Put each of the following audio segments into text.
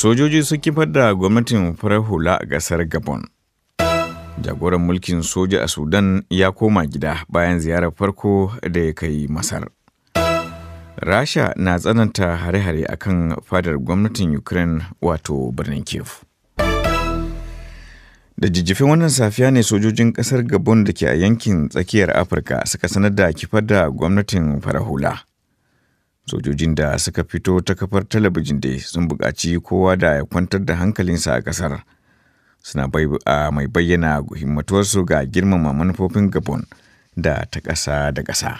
sojoji sun kifar da gwamnatin farar hula a ƙasar gabon jagoran mulkin soja a sudan ya koma gida bayan ziyarar farko da ya kai masar rasha na tsananta hare-hare akan fadar gwamnatin ukraine wato birnin kiev da jijjifin wannan safiya ne sojojin kasar gabon da ke a yankin tsakiyar afirka suka sanar da kifar da gwamnatin farahula sojojin da suka fito ta kafar talabijin dai sun buƙaci kowa da ya kwantar da hankalinsa a ƙasar suna mai bayyana himmatuwarsu ga girmama manufofin gabon da ta ƙasa da ƙasa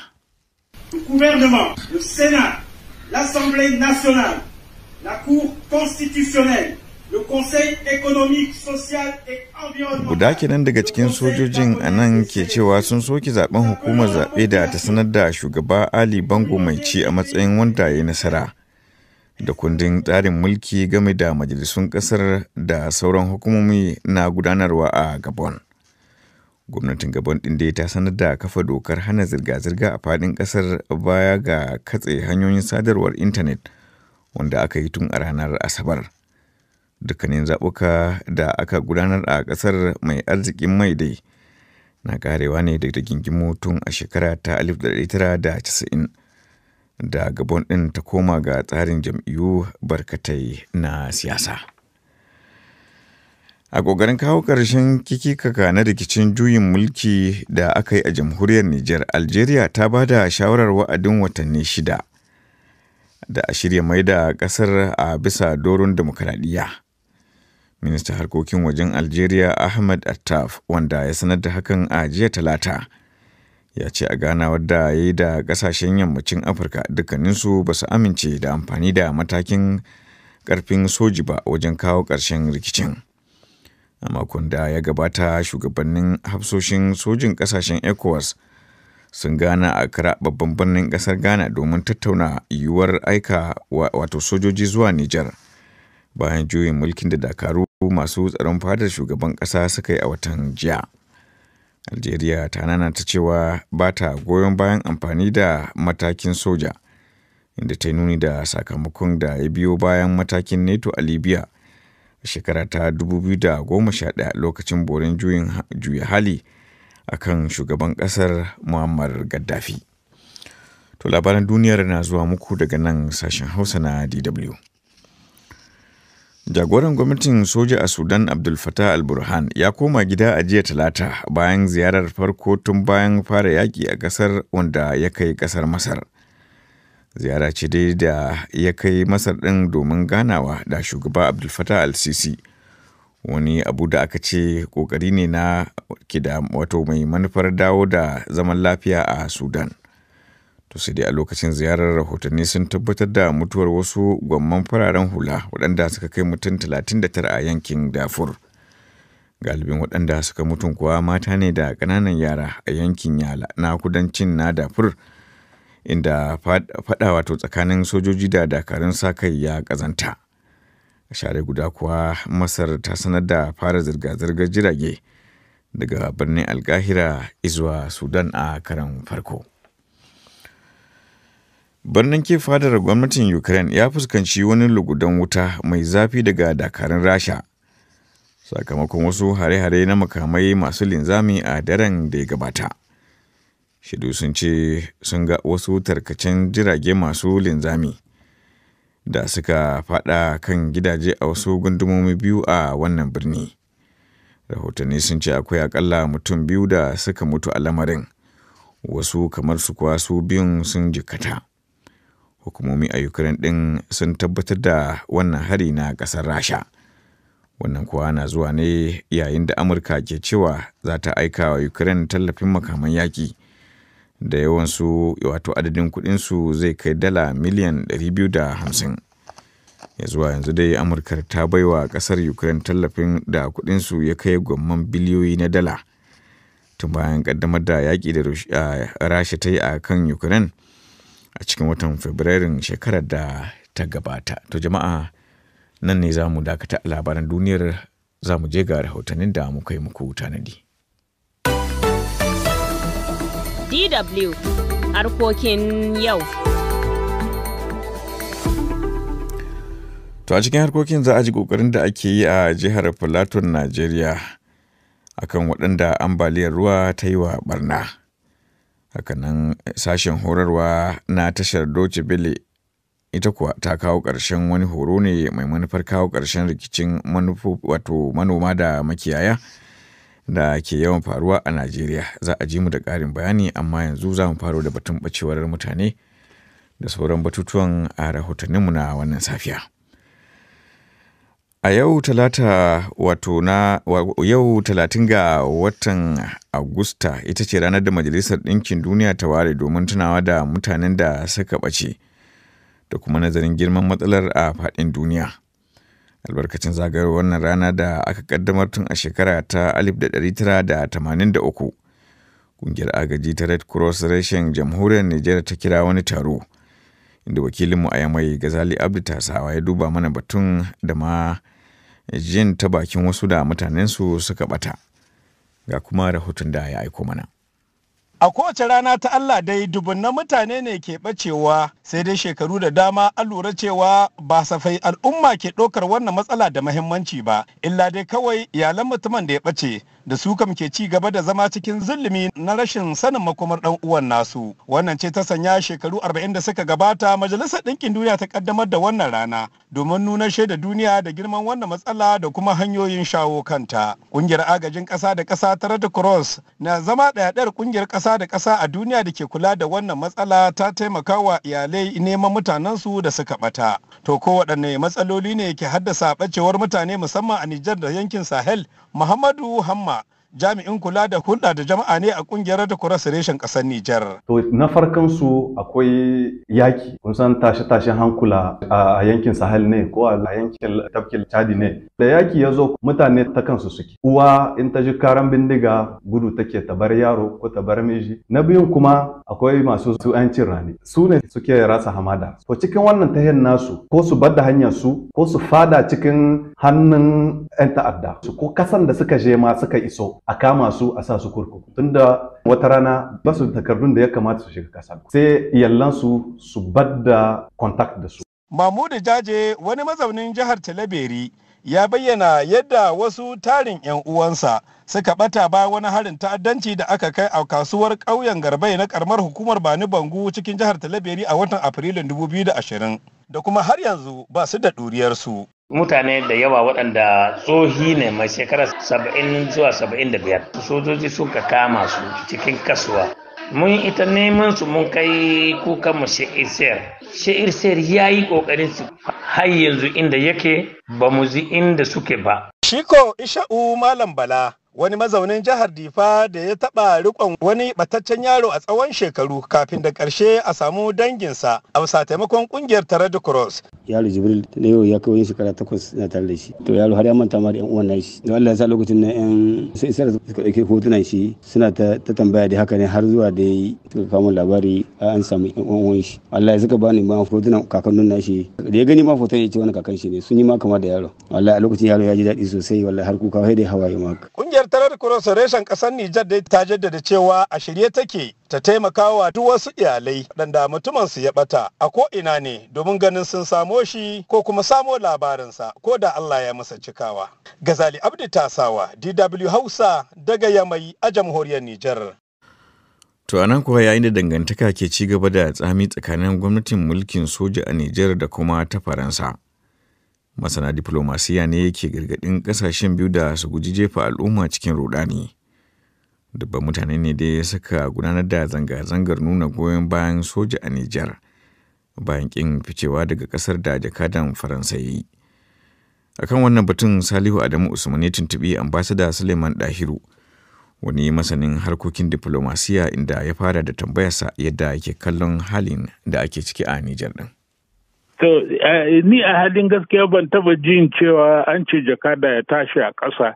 nationale, la Cour constitutionnelle, Guda kenan daga cikin sojojin a nan ke cewa sun soke zaben hukumar zaɓe da ta sanar da shugaba Ali Bango mai ci a matsayin wanda ya nasara. Da kundin tsarin mulki game da majalisun ƙasar da sauran hukumomi na gudanarwa a Gabon. Gwamnatin Gabon ɗin dai ta sanar da kafa dokar hana zirga-zirga a faɗin ƙasar baya ga katse hanyoyin sadarwar intanet wanda aka yi tun a ranar Asabar. dukkanin zaɓuka da aka gudanar a ƙasar mai arzikin mai dai na karewa ne da gingimu tun a shekara ta 1990 da gabon ɗin ta koma ga tsarin jam'iyyu barkatai na siyasa a ƙoƙarin kawo ƙarshen kikikaka na rikicin juyin mulki da aka yi a jamhuriyar niger algeria ta ba da shawarar wa'adin watanni shida da a shirya mai da ƙasar a bisa doron demokradiyya. minista harkokin wajen Algeria Ahmed Attaf wanda ya sanar da hakan a jiya talata. Ya ce a ganawar da ya yi da kasashen yammacin Afirka dukkaninsu ba su amince da amfani da matakin karfin soji ba wajen kawo ƙarshen rikicin. A makon da ya gabata shugabannin hafsoshin sojin kasashen ECOWAS sun gana a kara babban birnin kasar ghana domin tattauna yiwuwar aika wato sojoji zuwa nijar bayan juyin mulkin da dakaru masu tsaron fadar shugaban ƙasa suka yi a watan jiya. Algeria ta nanata cewa ba ta goyon bayan amfani da matakin soja, inda ta nuni da sakamakon da ya biyo bayan matakin neto a Libya a shekara ta 2011 lokacin borin juyin juya hali a kan shugaban ƙasar Muammar Gaddafi. To labaran duniyar na zuwa muku daga nan sashen Hausa na DW. Jagoran gwamnatin soja a Sudan Abdul Fattah al-Burhan ya koma gida a jiya talata bayan ziyarar farko tun bayan fara yaƙi a ƙasar wanda ya kai ƙasar Masar. Ziyara ce dai da ya kai Masar ɗin domin ganawa da shugaba Abdul Fattah al-Sisi. Wani abu da aka ce ƙoƙari ne na kida wato mai manufar dawo da zaman lafiya a Sudan. to sai dai a lokacin ziyarar rahotanni sun tabbatar da mutuwar wasu gwamman fararen hula waɗanda suka kai mutum 39 a yankin dafur galibin waɗanda suka mutum kuwa mata ne da ƙananan yara a yankin yala na kudancin na dafur inda faɗa wato tsakanin sojoji da dakarun sa kai ya ƙazanta a share guda kuwa masar ta sanar da fara zirga-zirgar jirage daga birnin alkahira izuwa sudan a karan farko Birnin ke fadar gwamnatin Ukraine ya fuskanci wani lugudan wuta mai zafi daga dakarun Rasha. Sakamakon wasu hare-hare na makamai masu linzami a daren da ya gabata. Shidu sun ce sun ga wasu tarkacin jirage masu linzami da suka fada kan gidaje a wasu gundumomi biyu a wannan birni. Rahotanni sun ce akwai akalla mutum biyu da suka mutu a lamarin, wasu kamar su kuwa su biyun sun jikata. hukumomi a ukraine din sun tabbatar da wannan hari na kasar rasha wannan kuwa na zuwa ne yayin da amurka ke cewa za ta aika wa ukraine tallafin makaman yaki da yawansu wato adadin su zai kai dala miliyan 250 ya zuwa yanzu dai amurka ta baiwa kasar ukraine tallafin da kudinsu ya kai gwamman biliyoyi na dala tun bayan kaddamar da yaki da rasha ta yi a kan ukraine a cikin watan fabrairun shekarar da ta gabata to jama'a nan ne za mu dakata labaran duniyar za mu je ga rahotannin da muka yi muku tanadi dw harkokin yau to a cikin harkokin za a ji kokarin da ake yi a jihar Filaton najeriya akan waɗanda ambaliyar ruwa ta yi wa ɓarna. hakanan sashen horarwa na tashar doce bele ita kuwa ta kawo ƙarshen wani horo ne mai manufar kawo ƙarshen rikicin wato manoma da makiyaya da ke yawan faruwa a najeriya za a ji mu da ƙarin bayani amma yanzu za mu faro da batun ɓacewar mutane da sauran batutuwan a rahotanninmu na wannan safiya. A yau talata wato na yau talatin ga watan Agusta ita ce ranar da Majalisar Ɗinkin Duniya ta ware domin tunawa da mutanen da suka ɓace da kuma nazarin girman matsalar a faɗin duniya. Albarkacin zagayowar wannan rana da aka kaddamar tun a shekara ta 1983. Ƙungiyar agaji ta Red Cross reshen jamhuriyar Nijar ta kira wani taro. Inda wakilinmu a Yamai Gazali Abdu Tasawa ya duba mana batun da ma jin ta bakin wasu da mutanensu suka bata ga kuma rahoton da ya aiko mana A kowace rana ta Allah dai dubunnan mutane ne ke bacewa sai dai shekaru da dama an lura cewa ba safai al'umma ke ɗaukar wannan matsala da mahimmanci ba, illa dai kawai iyalan mutumin da ya ɓace da su kam ke ci gaba da zama cikin zulumi na rashin sanin makomar dan uwan nasu wannan ce ta sanya shekaru 40 da suka gabata majalisar ɗinkin duniya ta kaddamar da wannan rana domin nuna shaida duniya da girman wannan matsala da kuma hanyoyin shawo kanta kungiyar agajin ƙasa da ƙasa ta Red Cross na zama ɗayaɗar kungiyar ƙasa da ƙasa a duniya da ke kula da wannan matsala ta taimaka wa iyalai neman mutanensu da suka ɓata to ko matsaloli ne ke haddasa ɓacewar mutane musamman a Nijar da yankin Sahel Muhammadu Hamma jami'in kula da hulɗa da jama'a ne a ƙungiyar da kura reshen ƙasar Nijar. To na farkon su akwai yaki kun san tashi tashen hankula a yankin Sahel ne ko a yankin tafkin Chadi ne. Da yaki ya zo mutane ta kansu suke. Uwa in ta ji karan bindiga gudu take ta bar yaro ko ta bar miji. Na biyun kuma akwai masu su rani. Su ne suke rasa hamada. To cikin wannan tahin nasu ko su bar da hanyar su ko su fada cikin hannun 'yan ta'adda. Ko kasan da suka je ma suka iso a kama su a sa su kurkuku tunda wata rana ba su takardun da ya kamata su shiga kasa sai iyalansu su da contact da su Mamudu Jaje wani mazaunin jihar Talaberi ya bayyana yadda wasu tarin 'yan uwansa suka bata ba wani harin ta'addanci da aka kai a kasuwar ƙauyen garbai na karamar hukumar Bani Bangu cikin jihar Talaberi a watan Afrilun 2020 da kuma har yanzu ba su da ɗuriyarsu. mutane da yawa waɗanda tsohi ne mai shekara saba'in zuwa saba'in da biyar sojoji suka kama su cikin kasuwa mun ita neman su mun kai kuka mu sayar. sha'ir sayar ya yi ƙoƙarin su har yanzu inda yake ba mu ji inda suke ba shiko isha'u malam bala wani mazaunin jihar difa da ya taɓa riƙon wani ɓataccen yaro a tsawon shekaru kafin da ƙarshe a samu danginsa a bisa taimakon ƙungiyar tare da cross yaro jibril na yau ya kawai shekara takwas na tare da shi to yaro har ya manta ma da yan uwan nashi da Allah ya sa lokacin na yan sai isar suka dauke hotunan shi suna ta tambaya da haka ne har zuwa da suka kawo labari an samu yan uwan uwan shi Allah ya saka bani ma hotunan kakannin nashi da ya gani ma hoton ya ce wani kakan shi ne sun yi ma kama da yaro wallahi a lokacin yaro ya ji daɗi sosai wallahi har kuka ya dai hawaye ma kungiyar tarar kurosoreshen kasar Nijar dai ta jaddada cewa a shirye take ta taimaka wa duk wasu iyalai waɗanda mutumin su ya ɓata a ko ina ne domin ganin sun samo shi ko kuma samo labarinsa ko da Allah ya masa cikawa. Gazali Abdi Tasawa, DW Hausa daga Yamai a jamhuriyar Nijar. To anan kuwa yayin da dangantaka ke ci gaba da tsami tsakanin gwamnatin mulkin soja a Nijar da kuma ta Faransa. Masana diplomasiya ne yake gargaɗin kasashen biyu da su guji jefa al'umma cikin rudani. Dubban mutane ne dai suka gudanar da zanga-zangar nuna goyon bayan soja a Nijar bayan ƙin ficewa daga ƙasar da jakadan Faransa yi. A kan wannan batun Salihu Adamu Usman ya tuntuɓi ambasada Suleiman Dahiru wani masanin harkokin diplomasiya inda ya fara da tambayarsa yadda ake kallon halin da ake ciki a Nijar ɗin. To, eh, ni a halin gaskiya ban taba jin cewa an ce jakada ya tashi a ƙasa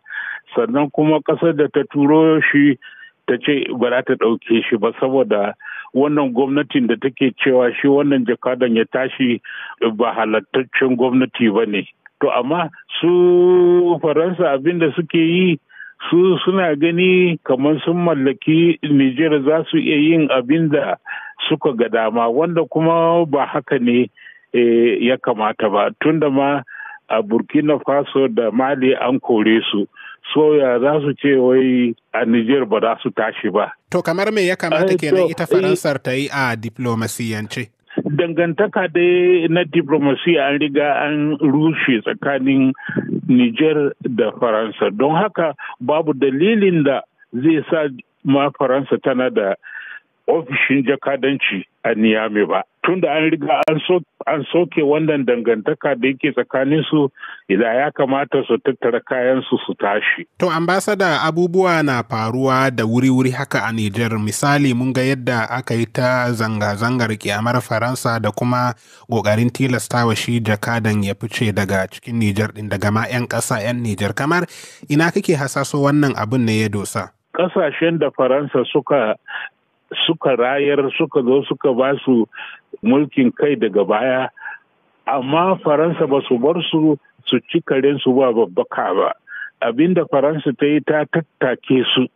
sannan kuma ƙasar da ta turo shi ta ce ba za ta ɗauke shi ba saboda wannan gwamnatin da take cewa shi wannan jakadan ya tashi ba halattaccen gwamnati ba ne. To amma su Faransa abinda suke yi su suna gani kamar sun mallaki Nijar za su iya yin abin da suka ga dama wanda kuma ba haka ne eh, ya kamata ba tunda ma a Burkina Faso da Mali an kore su. soya za su ce wai a Nijar ba za su tashi ba. To kamar mai ya kamata eh, kenan ita Faransar eh, ta yi a diplomasiyance? Dangantaka dai na diplomasi an riga an rushe tsakanin Nijar da Faransa don haka babu dalilin da zai sa ma Faransa tana da ofishin jakadanci a Niyame ba. tun da an riga an soke wannan dangantaka da yake tsakanin su idan ya kamata su tattara kayansu su tashi. To ambasada abubuwa na faruwa da wuri-wuri haka a Nijar misali mun ga yadda aka yi ta zanga-zangar kyamar Faransa da kuma ƙoƙarin tilastawa shi jakadan ya fice daga cikin Nijar ɗin daga ma 'yan ƙasa 'yan Nijar kamar ina kake hasaso wannan abin ne ya dosa. Ƙasashen da Faransa suka suka rayar suka zo suka basu. mulkin kai daga baya amma faransa ba su bar su su ci karen su ba babbaka ba abinda faransa ta yi ta tattake su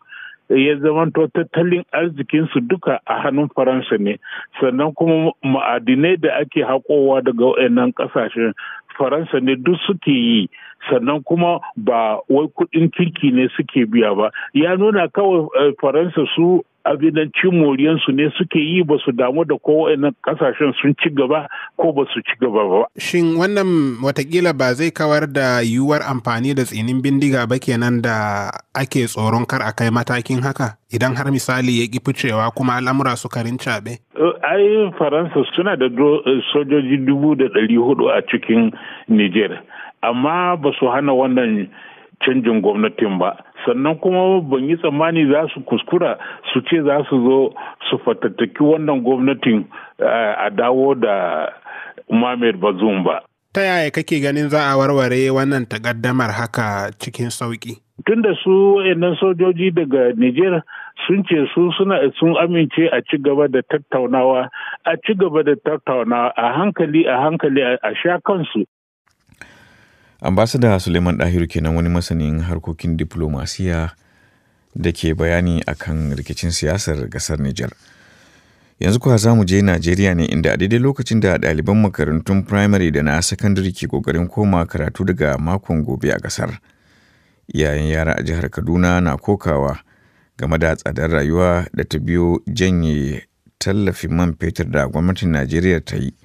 ya zamanto tattalin arzikinsu duka a hannun faransa ne sannan kuma ma'adinai da ake haƙowa daga waɗannan ƙasashen faransa ne duk suke yi sannan kuma ba wai kuɗin kirki ne suke biya ba ya nuna kawai eh, faransa su abidancin moriyansu ne suke yi ba su damu da ko kasashen sun ci gaba ko ba su ci gaba ba. Shin wannan watakila ba zai kawar da yiwuwar amfani da tsinin bindiga ba kenan da ake tsoron kar a kai matakin haka idan har misali ya ƙi ficewa kuma al'amura su karin caɓe. Eh, ai Faransa suna da eh, sojoji dubu da ɗari hudu a cikin Nijar, amma ba su hana wannan canjin gwamnatin ba sannan kuma ban yi tsammani za su kuskura su ce za su zo su fatattaki wannan gwamnatin eh, a dawo da Mohamed Bazoum ba. Ta yaya kake ganin za a warware wannan takaddamar haka cikin sauƙi? Tunda su wayannan sojoji daga niger sun ce su suna sun amince a ci gaba da tattaunawa a ci gaba da tattaunawa a hankali a hankali a sha kansu ambasada suleiman dahiru kenan wani masanin harkokin diplomasiya da ke bayani a kan rikicin siyasar Gasar niger yanzu kuwa za mu je najeriya ne inda a daidai lokacin da ɗaliban makarantun firamare da na sakandare ke ƙoƙarin koma karatu daga makon gobe a ƙasar iyayen yara a jihar kaduna na kokawa game da tsadar rayuwa da ta biyo janye tallafin man fetur da gwamnatin najeriya ta yi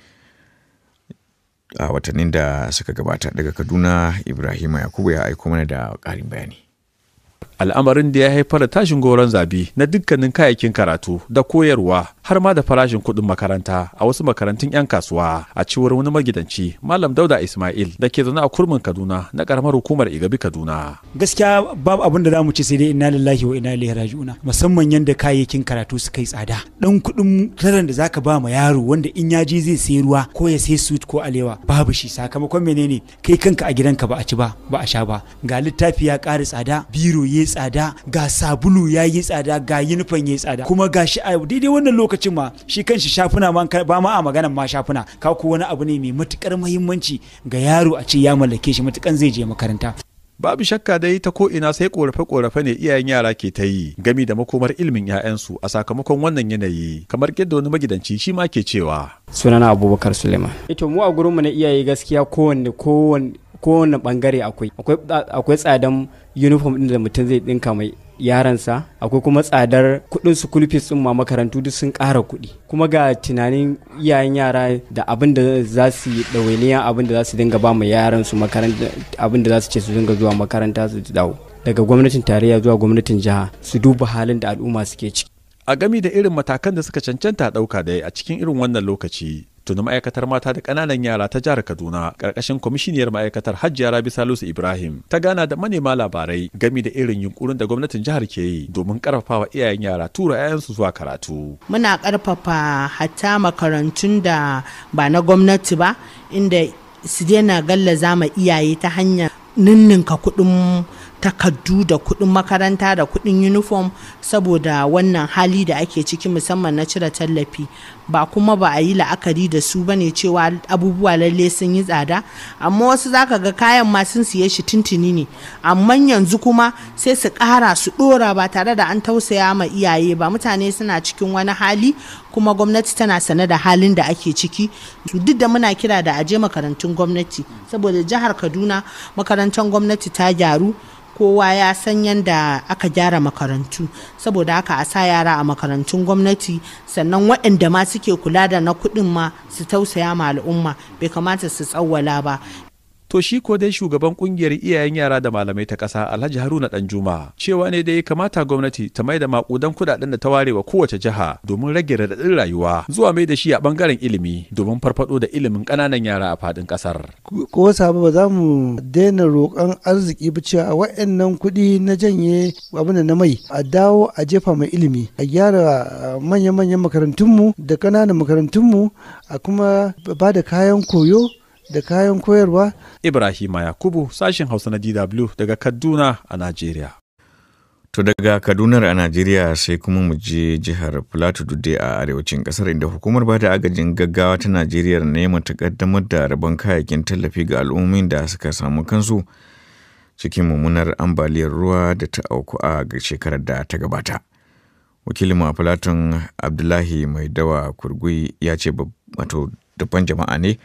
a watannin da suka gabata daga kaduna ibrahim yakubu ya aiko mana da ƙarin bayani al'amarin da ya haifar da tashin goron zabi na dukkanin kayayyakin karatu da koyarwa har ma da farashin kuɗin makaranta a wasu makarantun 'yan kasuwa a cewar wani magidanci malam dauda ismail da ke zaune a kurmin kaduna na karamar hukumar igabi kaduna gaskiya babu abin da zamu ci sai dai inna lillahi wa inna ilaihi raji'una musamman yanda kayayyakin karatu suka yi tsada dan kuɗin taran da zaka ba ma yaro wanda in ya je zai sayi ruwa ko ya sayi suit ko alewa babu shi sakamakon menene kai kanka a gidanka ba a ci ba ba a sha ba ga littafi ya ƙara tsada biro ya tsada ga sabulu ya yi tsada ga yunifan ya yi tsada kuma ga shi a daidai wannan lokacin ma shi kanshi shafuna ba ma a maganan ma shafuna ka ku wani abu ne mai matukar muhimmanci ga yaro a ce ya mallake shi matukan zai je makaranta babu shakka dai ta ko ina sai korafe-korafe ne iyayen yara ke ta yi gami da makomar ilimin 'ya'yansu a sakamakon wannan yanayi kamar yadda wani magidanci shi ma ke cewa sunana abubakar suleiman ito mu a gurin mu na iyaye gaskiya kowanne kowanne kowane bangare akwai akwai tsadan uniform din da mutum zai dinka mai yaransa akwai kuma tsadar kudin su fees din ma makarantu duk sun kara kuɗi kuma ga tunanin iyayen yara da abin da za su yi dawainiya abin da za su dinga ba ma yaran su makaranta abin da za su ce su dinga zuwa makaranta su dawo daga gwamnatin tarayya zuwa gwamnatin jiha su duba halin da al'umma suke ciki a gami da irin matakan da suka cancanta dauka da a cikin irin wannan lokaci tuni ma'aikatar mata da ƙananan yara ta jihar Kaduna ƙarƙashin kwamishiniyar ma'aikatar Hajjiya Rabi Salisu Ibrahim ta gana da manema labarai gami da irin yunkurin da gwamnatin jihar ke yi domin ƙarfafawa iyayen yara tura 'ya'yansu zuwa karatu. Muna ƙarfafa hatta makarantun da ba na gwamnati ba inda su daina galla zama iyaye ta hanyar ninninka kuɗin takaddu da kuɗin makaranta da kuɗin uniform saboda wannan hali da ake ciki musamman na cire tallafi ba kuma ba a yi la'akari da su bane cewa abubuwa lalle sun yi tsada amma wasu zaka ga kayan ma sun siye shi tuntuni ne amma yanzu kuma sai su ƙara su ɗora ba tare da an tausaya ma iyaye ba mutane suna cikin wani hali kuma gwamnati tana sane da halin da ake ciki duk da muna kira da aje makarantun gwamnati saboda jihar kaduna makarantar gwamnati ta gyaru kowa ya san yadda aka gyara makarantu saboda haka a sa yara a makarantun gwamnati sannan waɗanda ma suke kula da na kuɗin ma su tausaya ma al'umma bai kamata su tsawwala ba To shi ko dai shugaban kungiyar iyayen yara da malamai ta ƙasa Alhaji Haruna Danjuma cewa ne dai kamata gwamnati ta maida makudan kudaden da ta ware wa kowace jiha domin rage radadin rayuwa zuwa mai da shi a bangaren ilimi domin farfado da ilimin ƙananan yara a faɗin ƙasar. Ko sabu ba za mu daina roƙon arziki ba cewa wa'annan kuɗi na janye abin da na mai a dawo a jefa mai ilimi a gyara ah, manya-manyan makarantunmu da ƙananan makarantunmu a kuma ba da kayan koyo da kayan koyarwa. Ibrahima Yakubu sashen Hausa na DW daga Kaduna a Najeriya. To daga Kadunar a Najeriya sai kuma mu je jihar Plateau Dude a arewacin kasar inda hukumar bada agajin gaggawa ta Najeriya neman ta kaddamar da rabon kayayyakin tallafi ga al'ummin da suka samu kansu cikin mummunar ambaliyar ruwa da ta auku a shekarar da ta gabata. Wakilin a Plateau Abdullahi Mai Kurgui ya ce wato dabban jama'a ne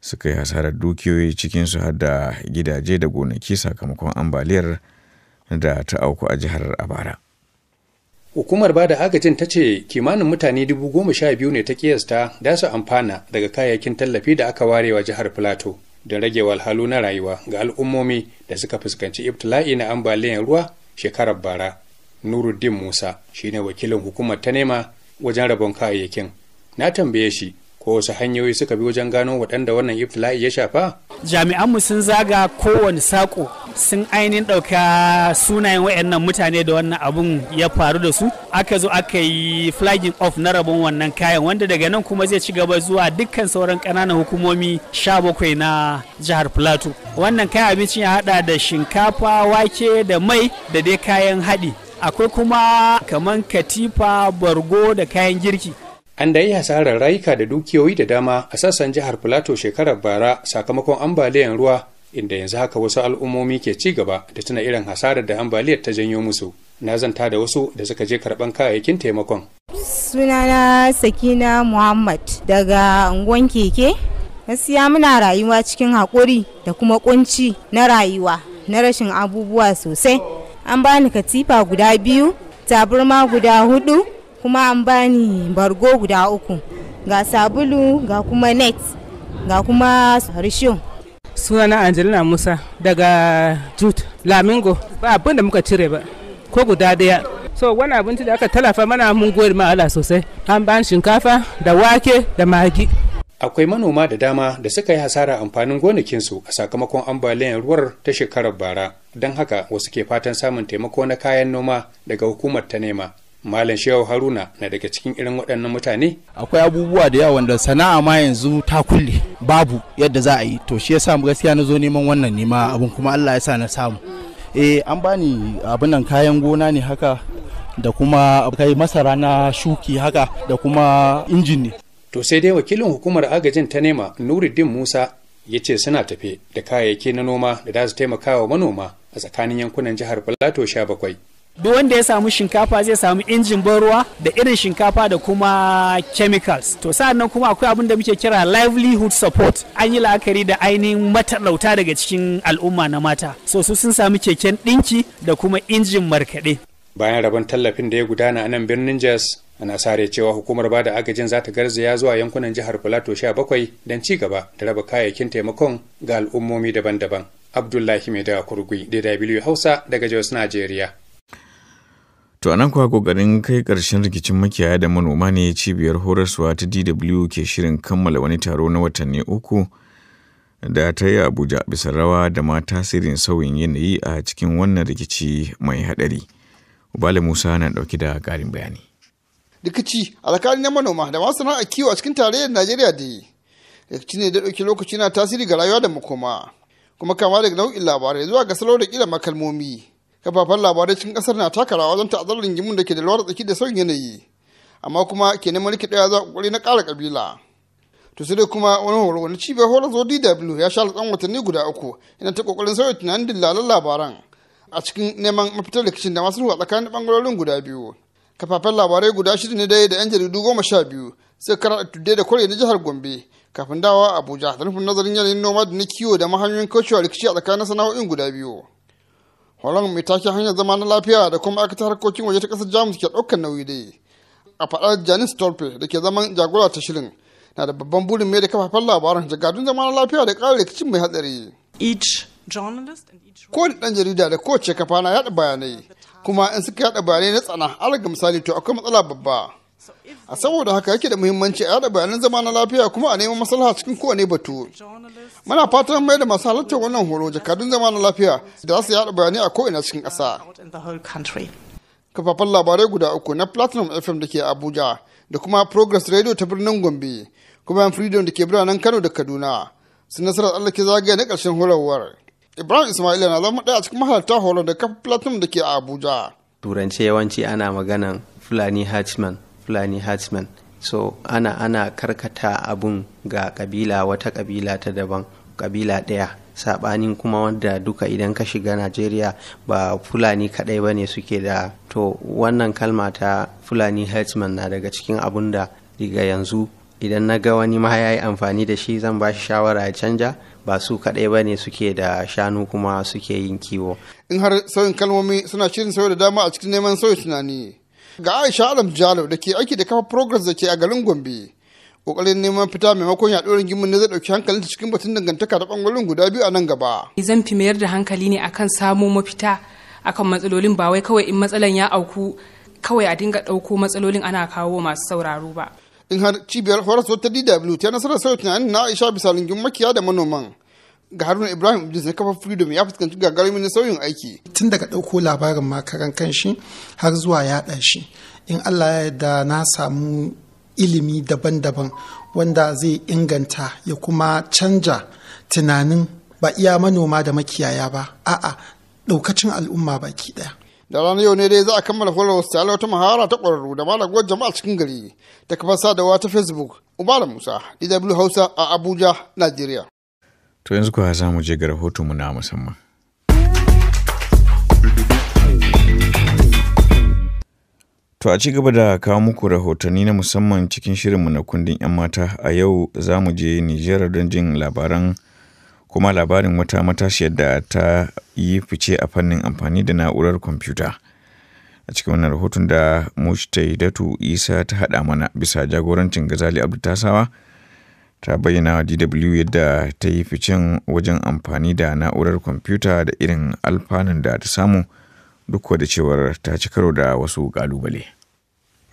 suka yi hasarar dukiyoyi cikinsu har da gidaje da gonaki sakamakon ambaliyar da ta auku a jihar abara hukumar bada agajin ta ce kimanin mutane dubu goma sha biyu ne ta kiyasta da su amfana daga kayayyakin tallafi da aka ware wa jihar plateau don rage walhalu na rayuwa ga al'ummomi da suka fuskanci ibtila'i na ambaliyar ruwa shekarar bara nuruddin musa shine wakilin hukumar ta nema wajen rabon kayayyakin na tambaye shi ko wasu hanyoyi suka bi wajen gano waɗanda wannan iftila'i ya shafa jami'anmu sun zaga kowane sako sun ainihin ɗauka sunayen wa'annan mutane da wannan abun ya faru da su aka zo aka yi flagging off na rabon wannan kayan wanda daga nan kuma zai ci gaba zuwa dukkan sauran ƙananan hukumomi sha bakwai na jihar plateau wannan kayan abincin ya haɗa da shinkafa wake da mai da dai kayan haɗi akwai kuma kaman katifa bargo da kayan girki An da yi hasarar rayuka da dukiyoyi da dama a sassan jihar plateau shekarar bara sakamakon ambaliyar ruwa inda yanzu haka wasu al'ummomi ke ci gaba da tuna irin hasarar da ambaliyar ta janyo musu. Na zanta da wasu da suka je karban kayayyakin taimakon. Sunana Sakina Muhammad daga unguwan keke. Gaskiya muna rayuwa cikin haƙuri da kuma kunci na rayuwa na rashin abubuwa sosai. An bani katifa guda biyu, taburma guda hudu, kuma an bani bargo guda uku ga sabulu ga kuma net ga kuma rishiyo sunana angelina musa daga jut lamingo ba abin da muka cire ba ko guda daya so wani abinci da aka talafa mana mun goyi ma sosai an ban shinkafa da wake da magi akwai manoma da dama da suka yi hasara amfanin gonakinsu a sakamakon ambaliyar ruwar ta shekarar bara don haka wasu ke fatan samun taimako na kayan noma daga hukumar ta nema Malam Shehu Haruna na daga cikin irin waɗannan mutane. Akwai abubuwa da yawa wanda sana'a ma yanzu ta kulle babu yadda za a yi to shi yasa gaskiya na zo neman wannan nema abin kuma Allah ya sa na samu. Eh an bani abin kayan gona ne haka da kuma kai masara na shuki haka da kuma injin ne. To sai dai wakilin hukumar agajin ta nema Nuruddin Musa ya ce suna tafe da kayayyaki na noma da za su taimaka wa manoma a tsakanin yankunan jihar Plateau 17. duk wanda ya samu shinkafa zai samu injin ban ruwa da irin shinkafa da kuma chemicals to sa'annan kuma akwai abin da muke kira livelihood support an yi la'akari da ainihin matalauta daga cikin al'umma na mata so su sun samu keken ɗinki da kuma injin markaɗe bayan rabon tallafin da ya gudana a nan birnin jos ana sare cewa hukumar ba da agajin za ta garzaya zuwa yankunan jihar sha bakwai don ci gaba da raba kayayyakin taimakon ga al'ummomi daban-daban abdullahi mai da kurgui dw hausa daga jos najeriya To anan kuwa kokarin kai ƙarshen rikicin makiyaya da manoma ne cibiyar horaswa ta DW ke shirin kammala wani taro na watanni uku da ta yi Abuja bisa rawa da ma tasirin sauyin yanayi a cikin wannan rikici mai haɗari. bala Musa na ɗauki da ƙarin bayani. Rikici alkali na manoma da masu sana'ar kiwo a cikin tarayyar Najeriya da rikici ne da ɗauki lokaci na tasiri ga rayuwa da makoma kuma kama daga nau'in labarai zuwa ga salo da kila makalmomi. kafafen labarai cikin kasar na taka rawa wajen ta'azzar rigimun da ke da lura tsaki da sauyin yanayi amma kuma ke neman ya za kokari na kara kabila to sai dai kuma wani horo wani cibiyar horar zo dw ya sha tsawon watanni guda uku yana ta kokarin sauya tunanin dillalan labaran a cikin neman mafitar rikicin da masu ruwa tsakanin bangarorin guda biyu kafafen labarai guda shida ne dai da yan jaridu goma sha biyu sai kara tuddai da kore na jihar gombe kafin dawa abuja da nufin nazarin yanayin noma da na kiwo da mahanyoyin kaucewa rikici a tsakanin sana'o'in guda biyu Holland mai taken hanyar zama na lafiya da kuma aikata harkokin waje ta kasar jamus ke ɗaukar nauyi dai a faɗar janis torpe da ke zaman jagora ta shirin na da babban burin mai da kafafen labaran jagadun zama na lafiya da ƙara rikicin mai hatsari kowane ɗan jarida da kowace kafa na yaɗa bayanai kuma in suka yaɗa bayanai na tsana alaga misali to akwai matsala babba a saboda haka yake da muhimmanci a yada bayanan zama na lafiya kuma a neman maslaha cikin kowane batu muna fatan mai da masu halartar wannan horo jakadun zama na lafiya da za su yada bayani a ko'ina cikin ƙasa Kafafan labarai guda uku na platinum fm da ke abuja da kuma progress radio ta birnin gombe kuma freedom da ke biranen kano da kaduna sun nasarar allah ke zagaya na ƙarshen horarwar ibrahim ismaila na zama ɗaya a cikin mahalarta horon da kafa platinum da ke abuja turance yawanci ana maganan fulani hatchman fulani herdsmen so ana ana karkata abun ga kabila wata kabila ta daban kabila ɗaya saɓani kuma wanda duka idan ka shiga najeriya ba fulani kadai ba suke da to wannan kalma ta fulani herdsmen na daga cikin abun da daga yanzu idan na ga wani ma ya yi amfani da shi zan ba shi shawara ya canja ba su kadai ba ne suke da shanu kuma suke yin kiwo in har sauyin kalmomi suna shirin sauyi da dama a cikin neman sauyi tunani ga aisha adam jalo da ke aiki da kafa progress da ke a garin gombe kokarin neman fita maimakon yaɗuwar gimin ne zai ɗauki hankalinta cikin batun dangantaka ta ɓangaren guda biyu a nan gaba. zan fi mayar da hankali ne akan samo mafita akan matsalolin ba wai kawai in matsalan ya auku kawai a dinga ɗauko matsalolin ana kawo masu sauraro ba. in har cibiyar horaswa ta dw ta nasarar sauyi tunanin na aisha bisa lungin makiya da manoman ga haruna ibrahim idris na kafa freedom ya fuskanci na sauyin aiki tun daga ɗauko labarin makaran kanshi har zuwa yaɗa shi in allah ya da na samu ilimi daban-daban wanda zai inganta ya kuma canja tunanin ba iya manoma da makiyaya ba a'a ɗaukacin al'umma baki ɗaya da ranar yau ne dai za a kammala horar wasu tare wata mahara ta ƙwararru da malagwar jama'a cikin gari ta kafar sadarwa ta facebook umar musa dw hausa a abuja nigeria. To yanzu kuwa za mu je ga rahotonmu na musamman. To a ci gaba da kawo muku rahotanni na musamman cikin shirinmu na kundin 'yan mata a yau za mu je Nijar don jin labaran kuma labarin wata matashiyar da ta yi fice a fannin amfani da na'urar kwamfuta. A cikin wannan rahoton da Mushtaidatu Isa ta haɗa mana bisa jagorancin Gazali Abdu Tasawa. ta bayyana wa DW yadda ta yi ficen wajen amfani da na'urar kwamfuta da irin alfanun da ta samu duk da cewar ta ci karo da wasu kalubale.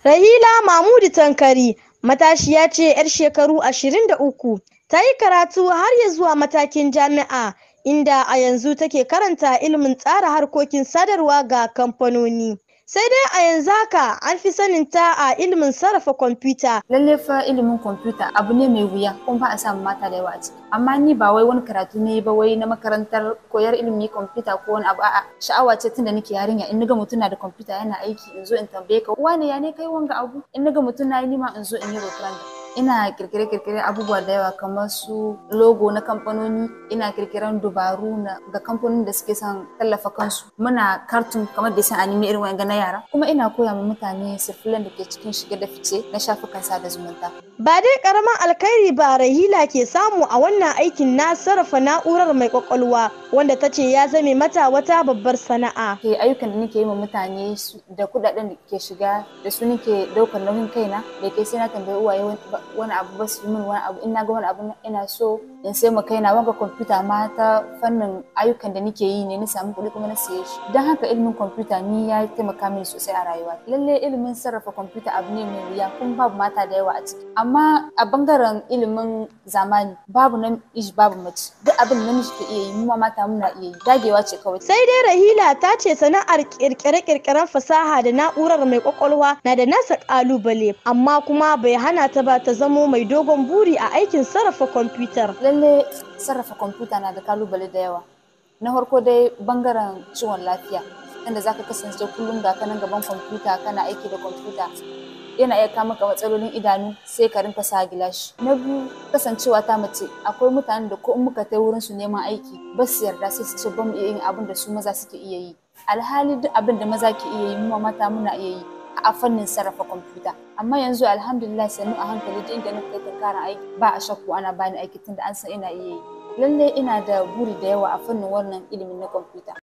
Rahila Mamudu Tankari matashiya ce 'yar shekaru 23 ta yi karatu har ya zuwa matakin jami'a inda a yanzu take karanta ilimin tsara harkokin sadarwa ga kamfanoni. sai dai a yanzu haka an fi sanin ta a ilimin sarrafa kwamfuta. Lalle fa ilimin kwamfuta abu ne mai wuya kuma ba a samu mata da yawa a ciki. Amma ni ba wai wani karatu ne ba wai na makarantar koyar ilimin kwamfuta ko wani abu a'a sha'awa ce tun da nake yarinya in naga mutum na da kwamfuta yana aiki in zo in tambaye ka wane ya ne kai wanga abu in naga mutum na yi nima in zo in yi rotulan ina kirkire-kirkire abubuwa da yawa kamar su logo na kamfanoni ina kirkiran dubaru na ga kamfanonin da suke son tallafa kansu muna kartun kamar da san anime irin wanga na yara kuma ina koya ma mutane sirfilan da ke cikin shige da fice na shafukan sada zumunta ba dai karaman alkhairi ba rahila ke samu a wannan aikin na sarrafa na'urar mai kwakwalwa wanda ta ce ya zame mata wata babbar sana'a ke ayyukan da nake yi ma mutane da kudaden da ke shiga da su nake daukar nauyin kaina da ke sai na tambayi uwaye wani abu ba su min wani abu ina ga wani abu ina so in sai mu na wanga kwamfuta ma ta fannin ayyukan da nake yi ne na samu kuɗi kuma na siye shi don haka ilimin kwamfuta ni ya taimaka min sosai a rayuwa lalle ilimin sarrafa kwamfuta abu ne mai wuya kuma babu mata da yawa a ciki amma a bangaren ilimin zamani babu namiji babu mace duk abin namiji ka iya yi mu mata muna iya yi dagewa ce kawai sai dai rahila ta ce sana'ar kirkire-kirkiren fasaha da na'urar mai kwakwalwa na da nasa kalubale amma kuma bai hana ta ba ta zamo mai dogon buri a aikin sarrafa kwamfutar. Lalle sarrafa kwamfuta na da kalubale da yawa. Na farko dai bangaren ciwon lafiya, inda za ka kasance kullum ga kanan gaban kwamfuta kana aiki da kwamfuta. Yana iya kama ka matsalolin idanu sai ka rinka sa gilashi. Na biyu kasancewa ta mace akwai mutanen da ko in muka tai wurin su neman aiki ba su yarda sai su ce ba iya yin abin da su maza suke iya yi. Alhali duk abin da maza ke iya yi mu mata muna iya yi a fannin sarrafa kwamfuta. amma yanzu alhamdulillah sannu a hankali duk inda na kai kara aiki ba a shakku ana bani aiki tunda an san ina iya yi lallai ina da buri da yawa a fannin wannan ilimin na kwamfuta